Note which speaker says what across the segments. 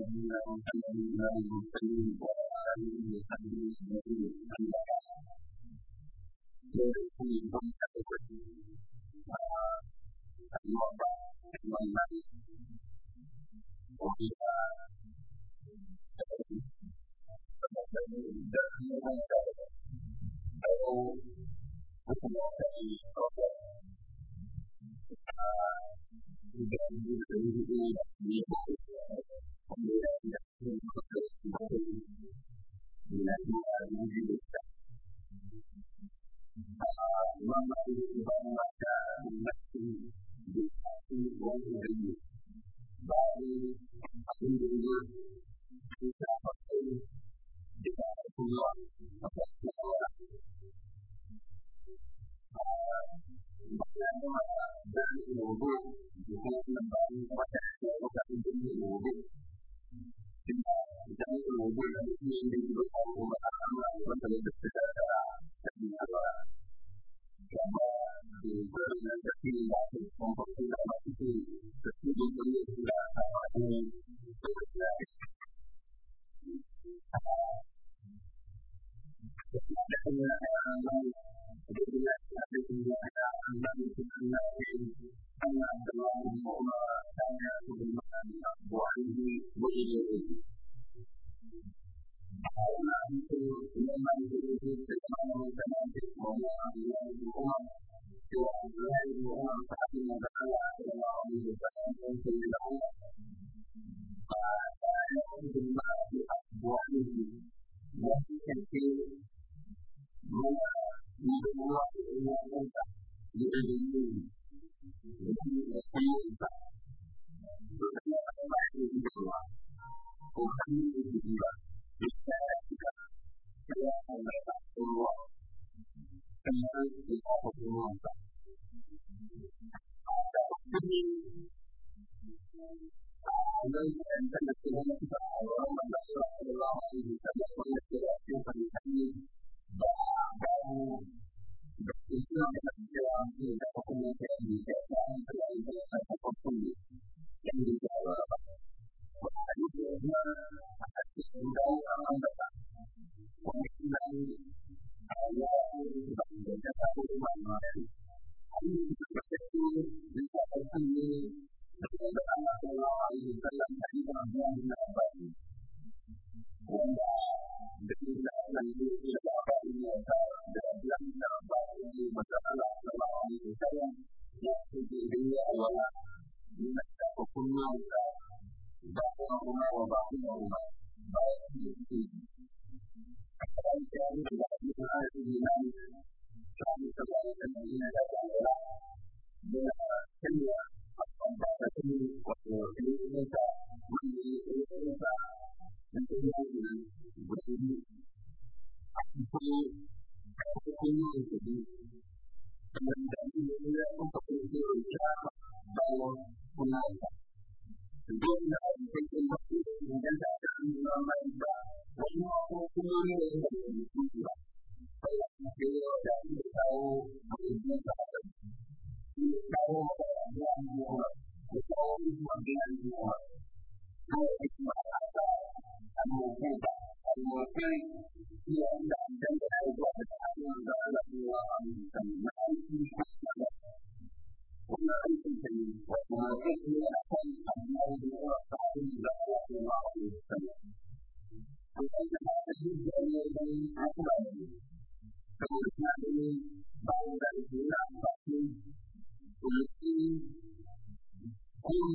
Speaker 1: la vida, la y la vida, la vida,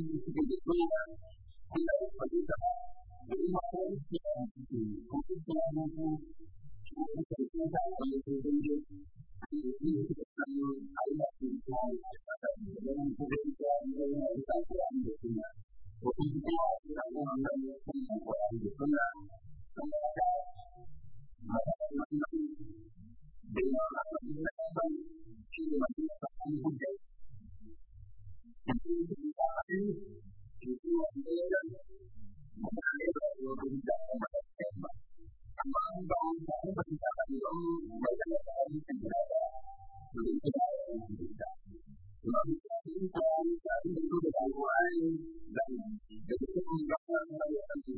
Speaker 1: thì cái quy định quy định và quy định để mà thấy thì không biết cho nên cũng cần chúng ta phải được tương đương thì như chúng ta thấy là chúng ta phải phát động để nên chúng ta cho nên là chúng ta phải làm được thì có của chúng ta chúng ta cũng hôm nay không làm của làm được không là không là cái mà là nó nó để mà làm được cái này khi mà chúng ta không thể thì chúng ta phải đi, thì chúng ta đi lên, mà ta đi về người bình thường mà ta xem mà. Cảm ơn con của mình đã thành công với cái lời ông thành ra đó. Vì cái đời là chúng ta. Mà chúng ta trở nên của đời quay, rằng để chúng ta gặp hơn bây giờ tình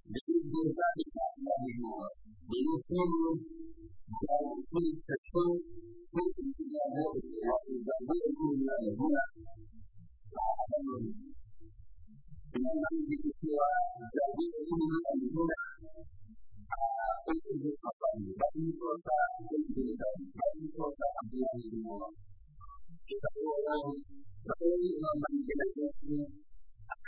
Speaker 1: David goes back to that level more. We will come down to put the full person to that level that we are doing that as well. Memang kita sudah jadi orang muda. Apa yang kita lakukan? Bagi kota, bagi bagi kota yang semua. Kita orang, kita orang yang kita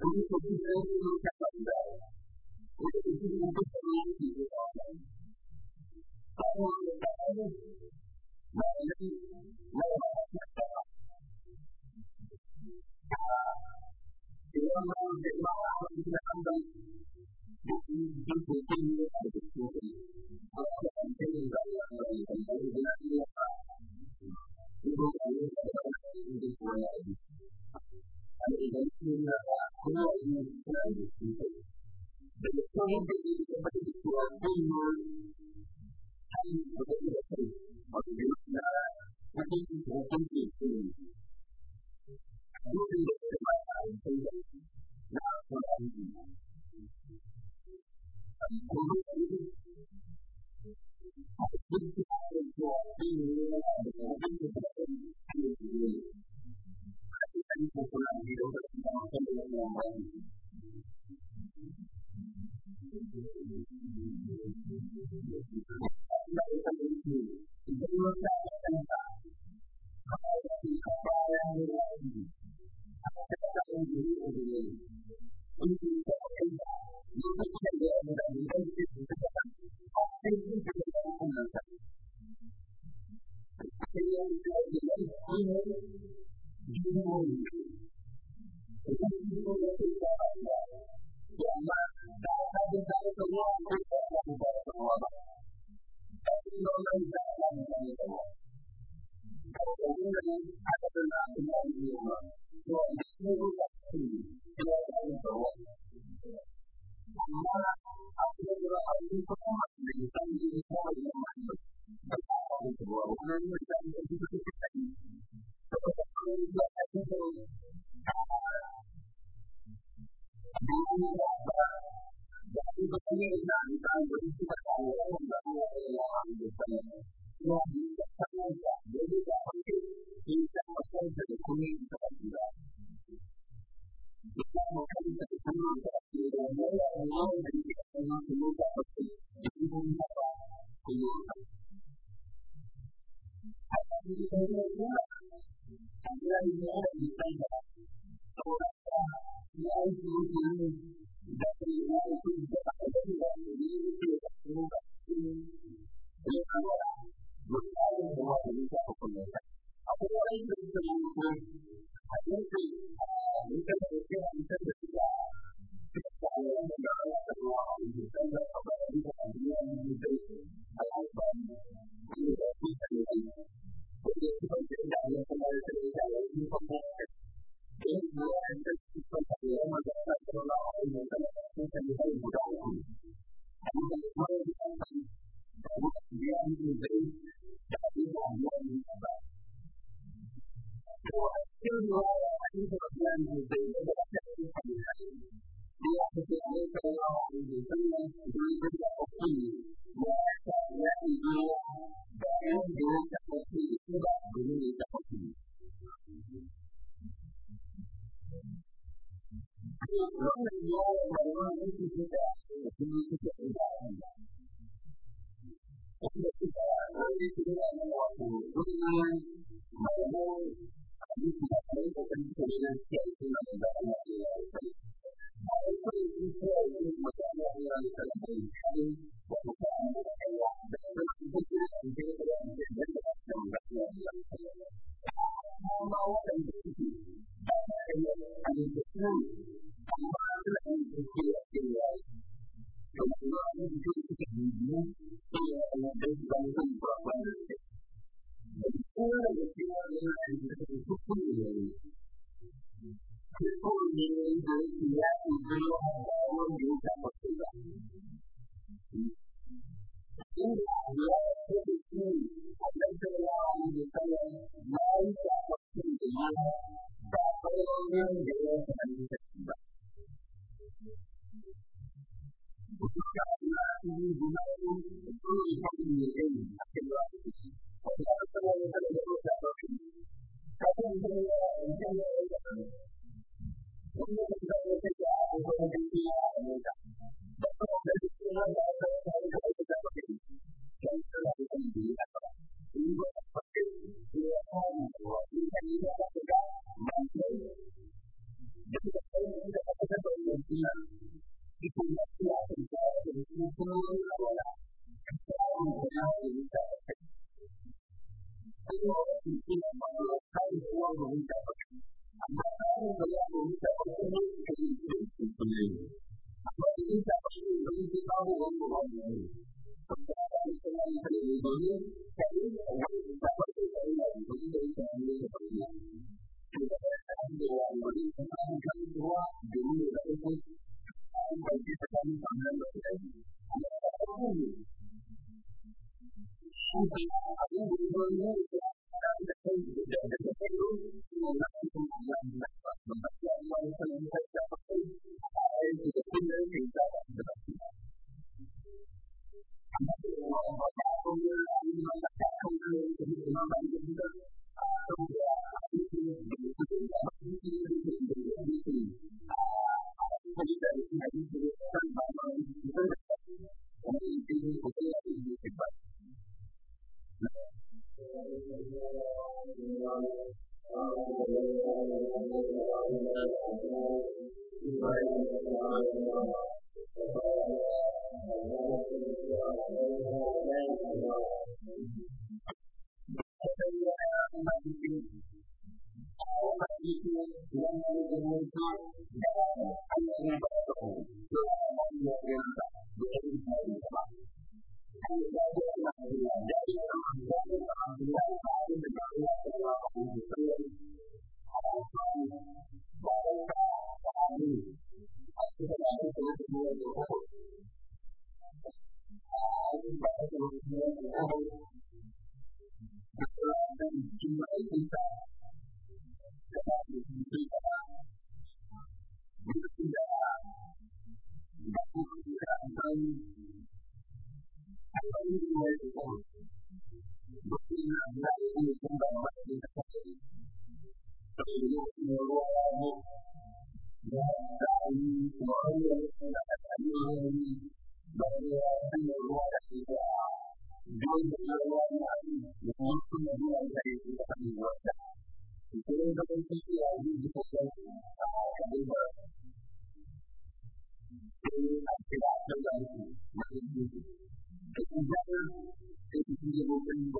Speaker 1: 我们从今天一路向上走，我们今天不可能一直到底。当我们达到目的，我们我们达到了。啊，只要我们能把我们的安排，我们就是今天的主题。我们今天的主题是关于我们的 आपके बात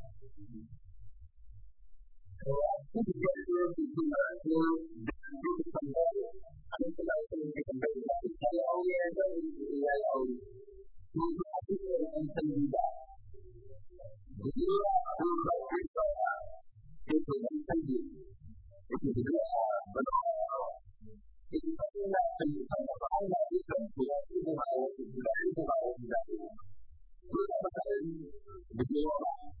Speaker 1: This is what it is to do this is from there. I think the other thing you can do is to say, oh yeah, that is the AO. We have to do and say do that. If you are a good person, this is what they do. This is the good part, but also, it's something that can be done. All that is done to us, this is how it is, that is how it is, that is. This is what it is, the good part.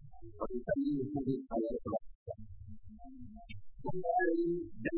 Speaker 1: Tapi kami mungkin saya telah. Kemarin dan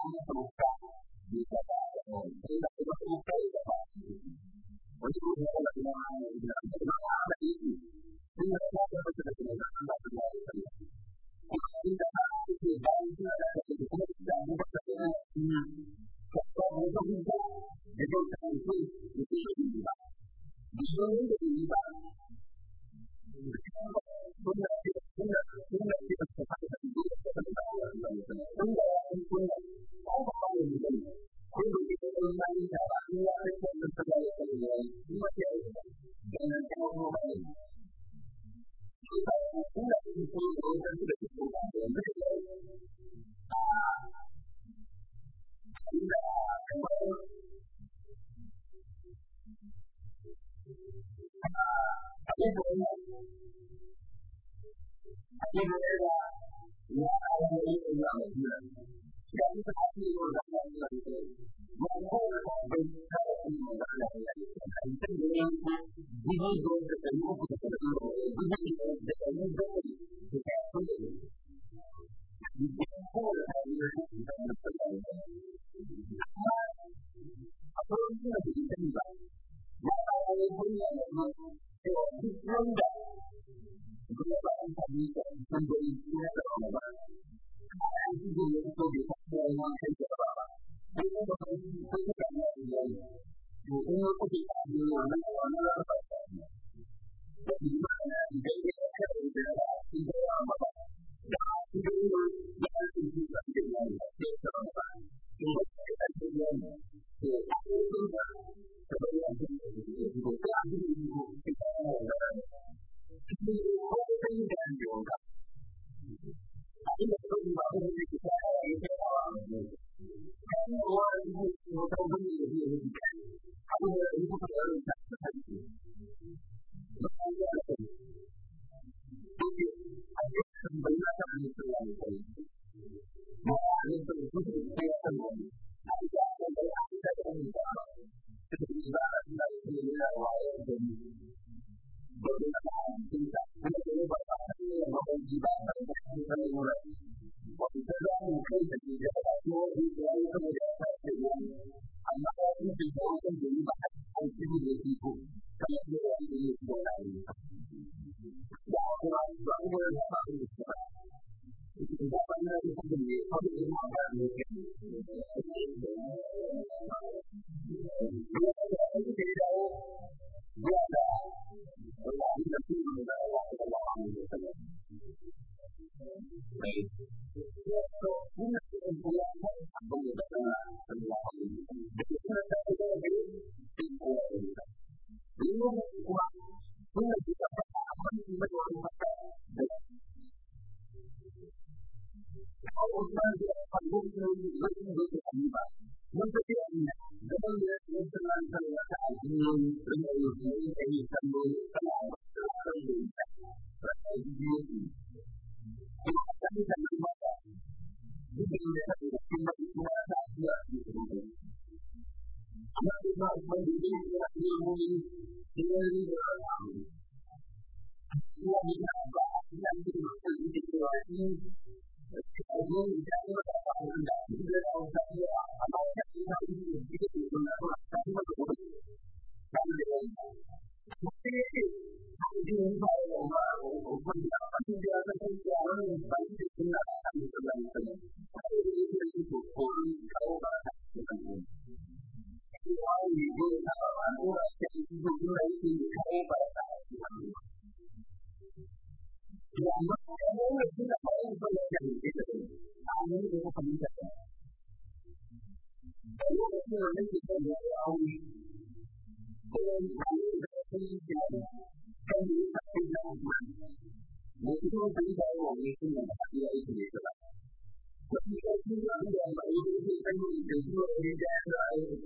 Speaker 1: 现在的孩子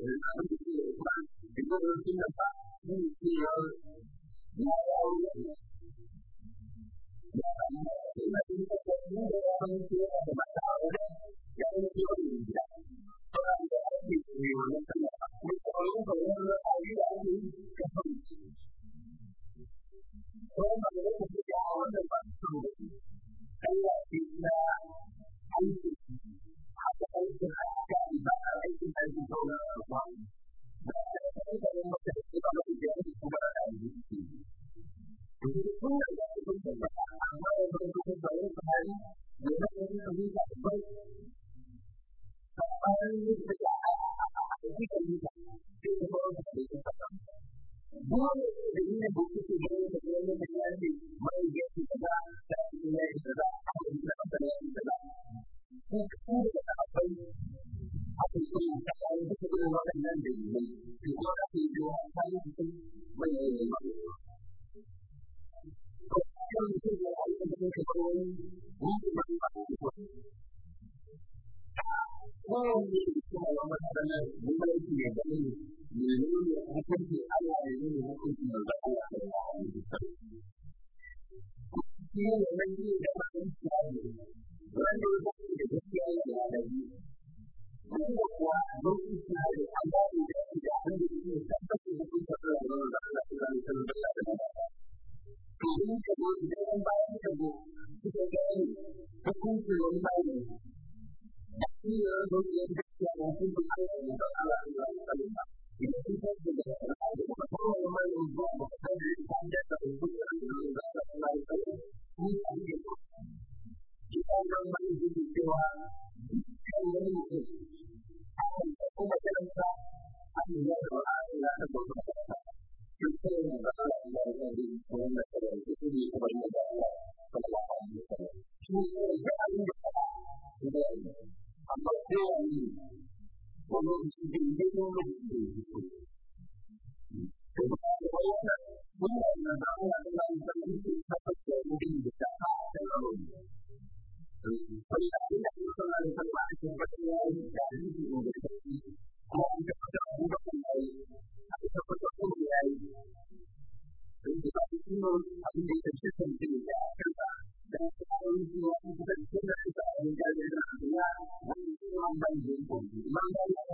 Speaker 1: 是惯，一个个都惯，溺爱，溺爱，溺爱，溺爱，溺爱，溺爱，溺爱，溺爱，溺爱，kullum abin da ya tafi kan da ya karba da kawai zuwa kusan da ya tafi a wajen da ya tafi ya wani zuwa ban da ya tafi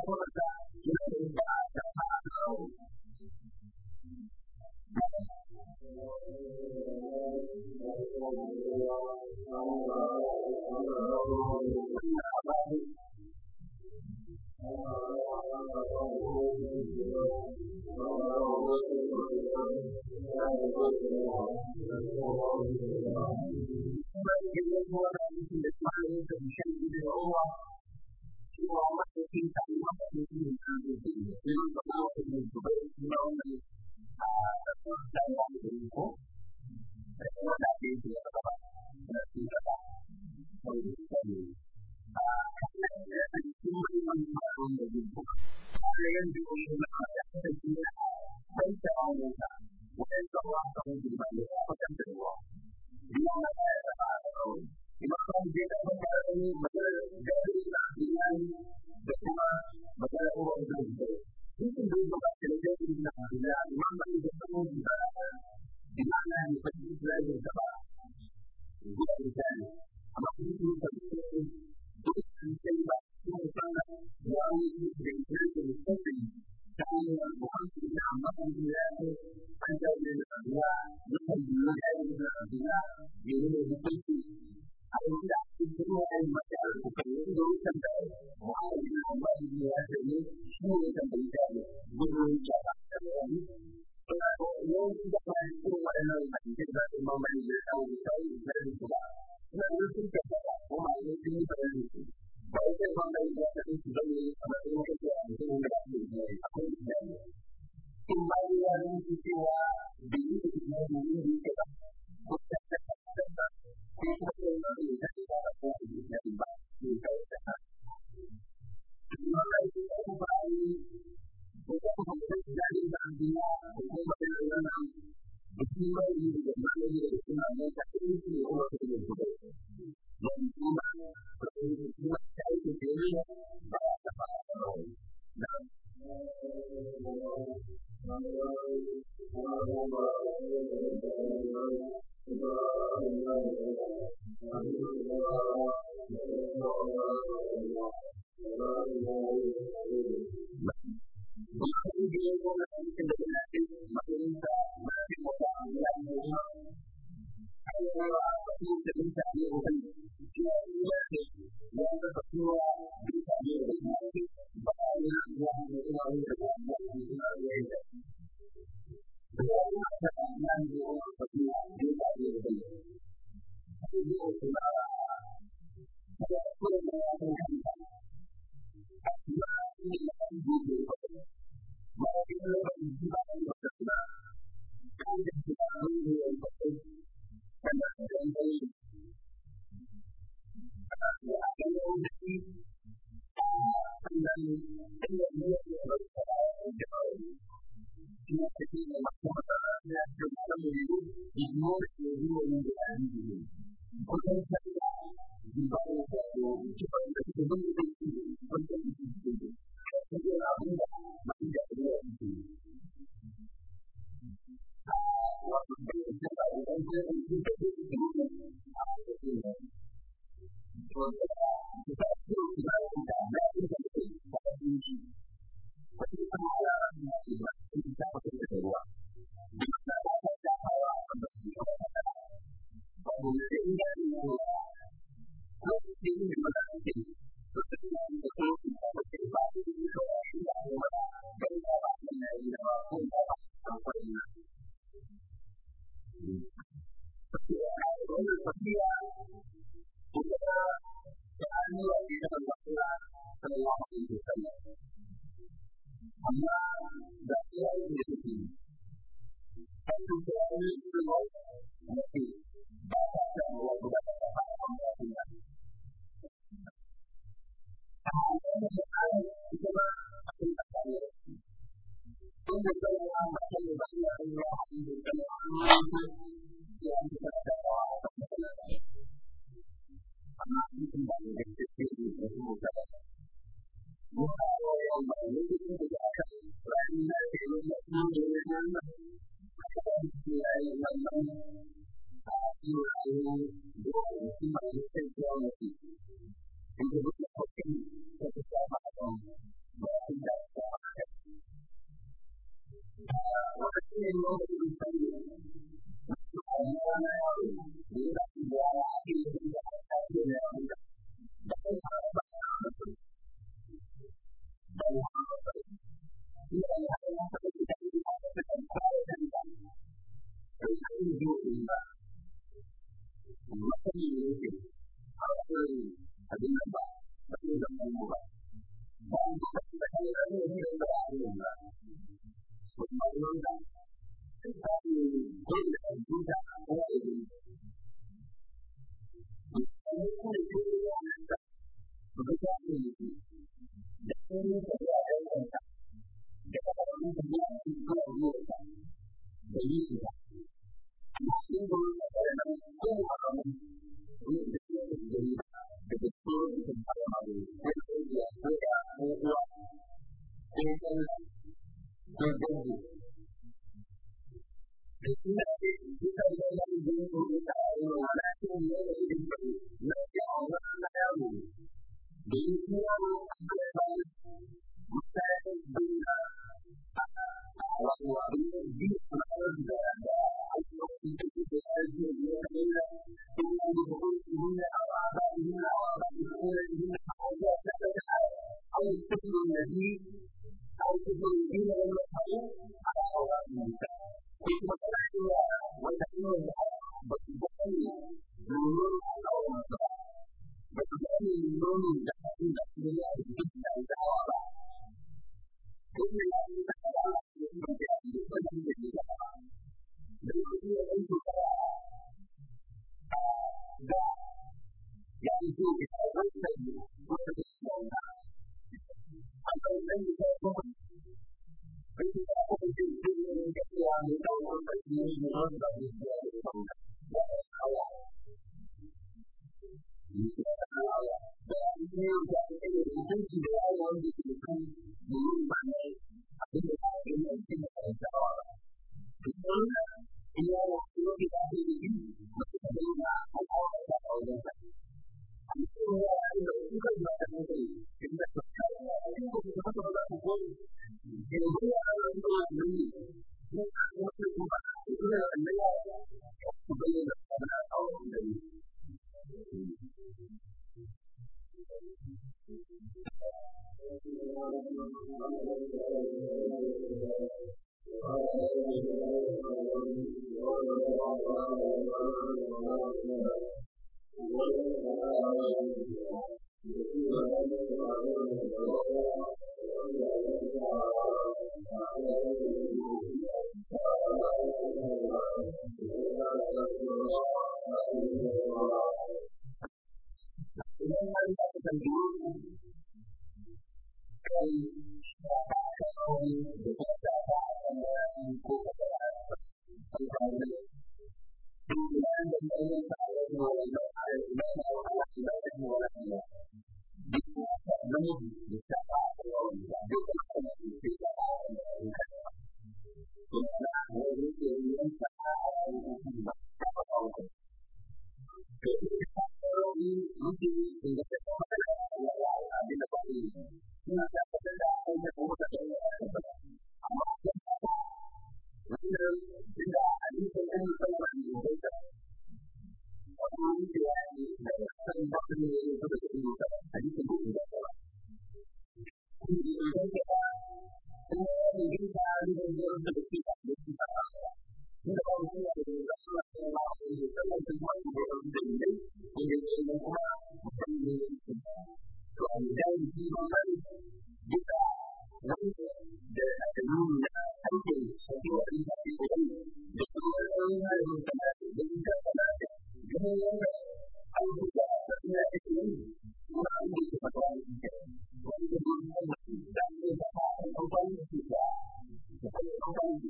Speaker 1: Thank you.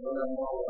Speaker 1: nó đang ngồi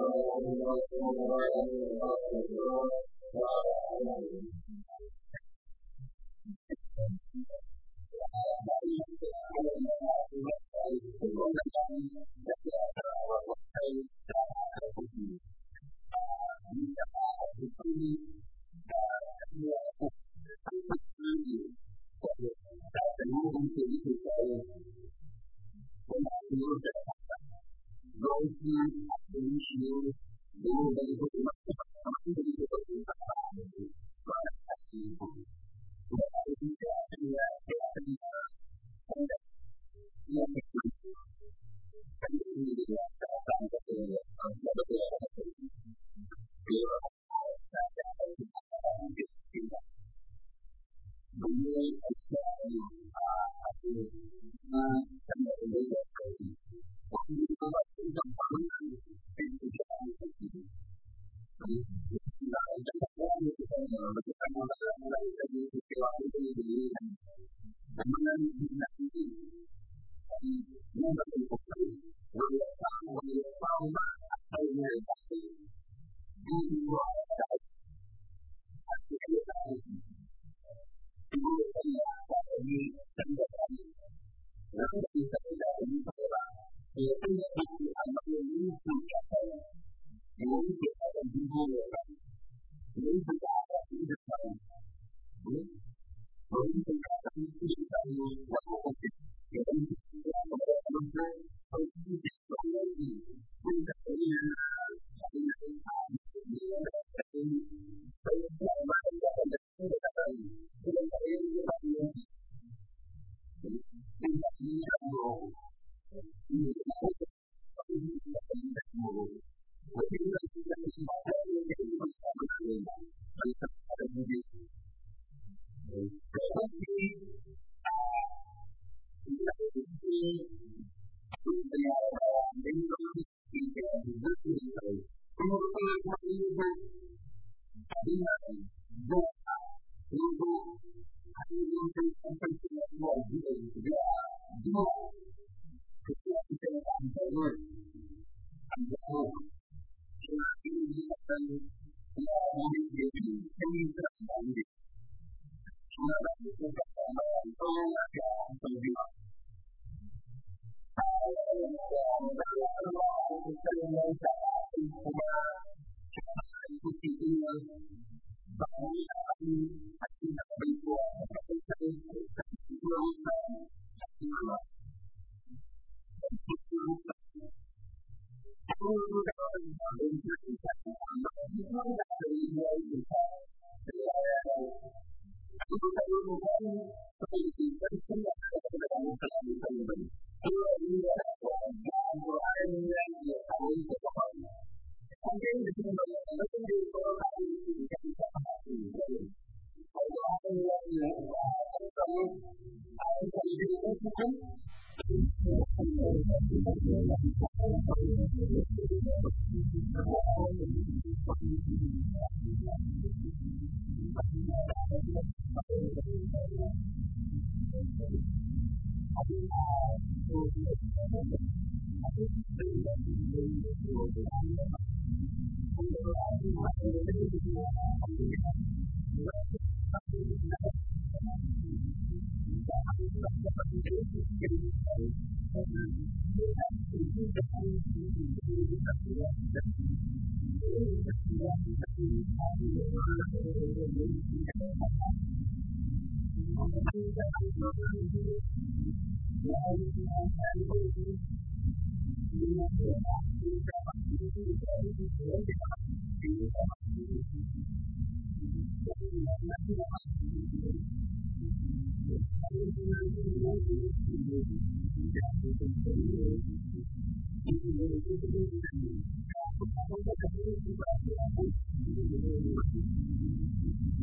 Speaker 1: Thank you.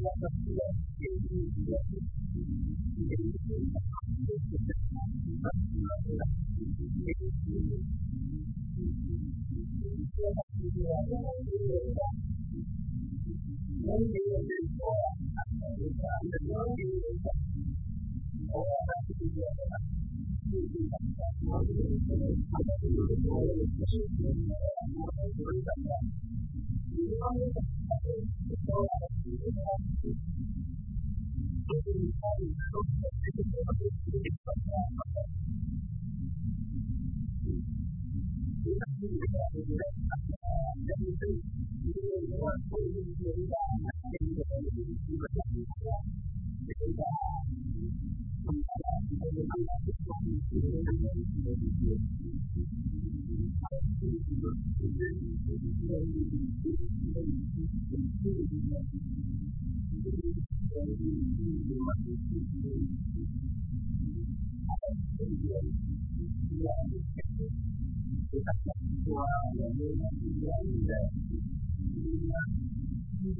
Speaker 1: la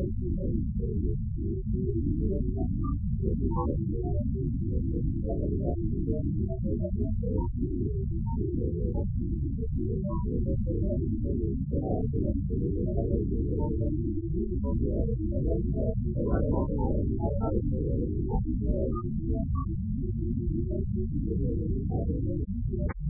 Speaker 1: Están en el centro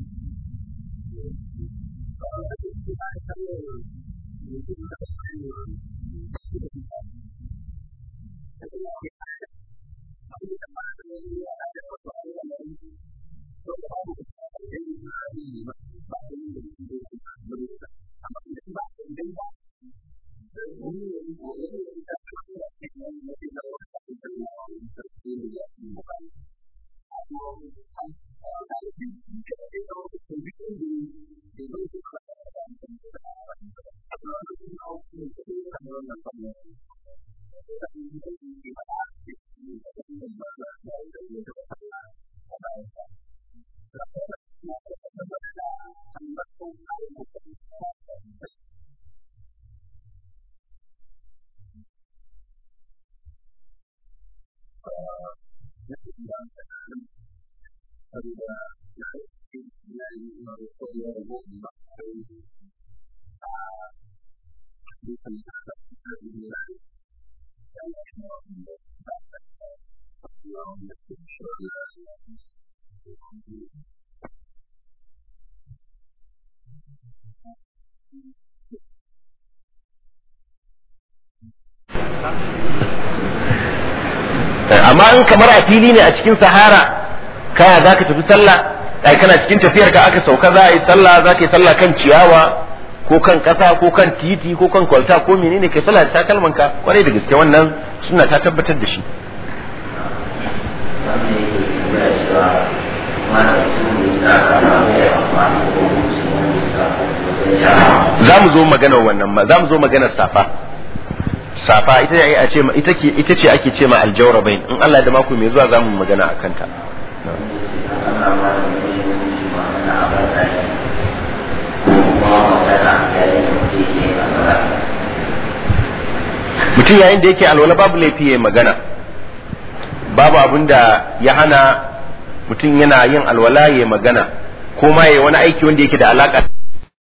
Speaker 1: Thank you.
Speaker 2: amma in kamar a fili ne a cikin sahara kaya za ka tafi sallah ai kana cikin tafiyar ka aka sauka za a yi sallah za ka yi sallah kan ciyawa ko kan kasa ko kan titi ko kan kwalta ko menene kai sallah da takalman ka kwarai da gaske wannan suna ta tabbatar da shi za mu zo magana wannan ma za mu zo maganar safa safa ita ce a ce ita ke ita ce ake ce ma aljawrabain in Allah da mako mai zuwa zamu magana akan ta mutum yayin da yake alwala babu laifi ya magana babu abin da ya hana mutum yana yin alwala ya magana ko ma ya wani aiki wanda yake da alaƙa